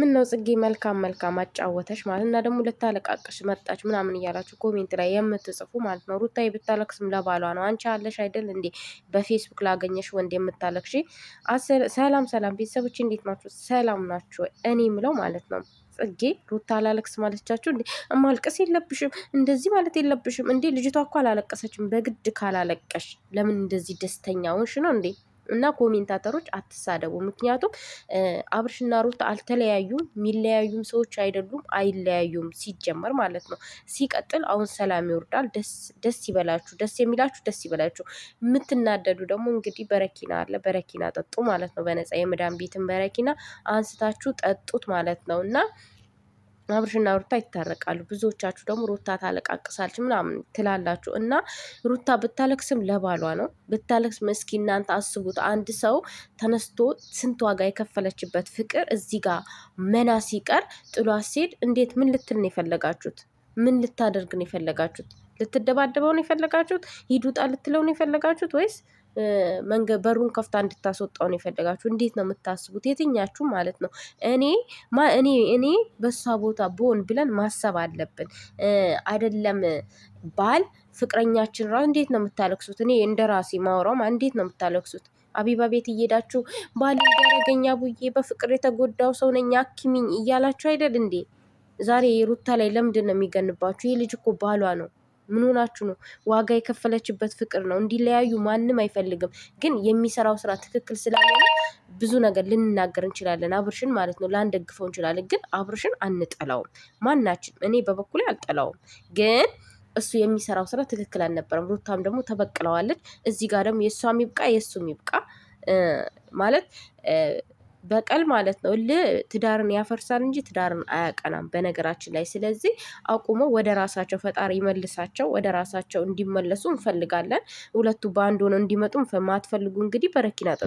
ምን ነው ጽጌ መልካም መልካም አጫወተሽ ማለት እና ደግሞ ልታለቃቅሽ መጣች ምናምን እያላችሁ ኮሜንት ላይ የምትጽፉ ማለት ነው። ሩታ ብታለቅስም ለባሏ ነው። አንቺ አለሽ አይደል እንዴ በፌስቡክ ላገኘሽ ወንድ የምታለቅሽ? ሰላም ሰላም ቤተሰቦች እንዴት ናችሁ? ሰላም ናችሁ? እኔ ምለው ማለት ነው ጽጌ ሩታ አላለቅስ ማለቻችሁ እንዴ? ማልቀስ የለብሽም እንደዚህ ማለት የለብሽም እንዴ። ልጅቷ እኮ አላለቀሰችም። በግድ ካላለቀሽ ለምን እንደዚህ ደስተኛ ሆንሽ ነው እንዴ? እና ኮሜንታተሮች አትሳደቡ። ምክንያቱም አብርሽና ሩት አልተለያዩም፣ የሚለያዩም ሰዎች አይደሉም፣ አይለያዩም ሲጀመር ማለት ነው። ሲቀጥል አሁን ሰላም ይወርዳል። ደስ ይበላችሁ፣ ደስ የሚላችሁ ደስ ይበላችሁ። የምትናደዱ ደግሞ እንግዲህ በረኪና አለ፣ በረኪና ጠጡ ማለት ነው። በነፃ የመዳን ቤትን በረኪና አንስታችሁ ጠጡት ማለት ነው እና አብርሽና ሩታ ይታረቃሉ። ብዙዎቻችሁ ደግሞ ሩታ ታለቃቅሳለች ምናምን ትላላችሁ እና ሩታ ብታለቅስም ለባሏ ነው ብታለቅስ። እስኪ እናንተ አስቡት፣ አንድ ሰው ተነስቶ ስንት ዋጋ የከፈለችበት ፍቅር እዚህ ጋር መና ሲቀር ጥሏ ሲሄድ እንዴት ምን ልትል ነው የፈለጋችሁት? ምን ልታደርግ ነው የፈለጋችሁት? ልትደባደበው ነው የፈለጋችሁት? ሂዱጣ ልትለው ነው የፈለጋችሁት ወይስ መንገድ በሩን ከፍታ እንድታስወጣው ነው የፈለጋችሁ። እንዴት ነው የምታስቡት? የትኛችሁ ማለት ነው? እኔ እኔ እኔ በእሷ ቦታ ብሆን ብለን ማሰብ አለብን። አይደለም ባል ፍቅረኛችን ራ እንዴት ነው የምታለቅሱት? እኔ እንደ ራሴ ማውራውም እንዴት ነው የምታለቅሱት? አቢባ ቤት እየሄዳችሁ ባል እንዲያረገኛ ቡዬ በፍቅር የተጎዳው ሰው ነኝ አኪሚኝ እያላችሁ አይደል እንዴ? ዛሬ ሩታ ላይ ለምንድን ነው የሚገንባችሁ? ይህ ልጅ እኮ ባሏ ነው። ምን ሆናችሁ ነው? ዋጋ የከፈለችበት ፍቅር ነው። እንዲለያዩ ማንም አይፈልግም። ግን የሚሰራው ስራ ትክክል ስላልሆነ ብዙ ነገር ልንናገር እንችላለን። አብርሽን ማለት ነው ላንደግፈው እንችላለን። ግን አብርሽን አንጠላውም ማናችን። እኔ በበኩሌ አልጠላውም ግን እሱ የሚሰራው ስራ ትክክል አልነበረም። ሩታም ደግሞ ተበቅለዋለች። እዚህ ጋር ደግሞ የእሷም ይብቃ የእሱም ይብቃ ማለት በቀል ማለት ነው። እልህ ትዳርን ያፈርሳል እንጂ ትዳርን አያቀናም በነገራችን ላይ። ስለዚህ አቁመው ወደ ራሳቸው ፈጣሪ መልሳቸው ወደ ራሳቸው እንዲመለሱ እንፈልጋለን። ሁለቱ በአንድ ሆነው እንዲመጡ ማትፈልጉ እንግዲህ በረኪና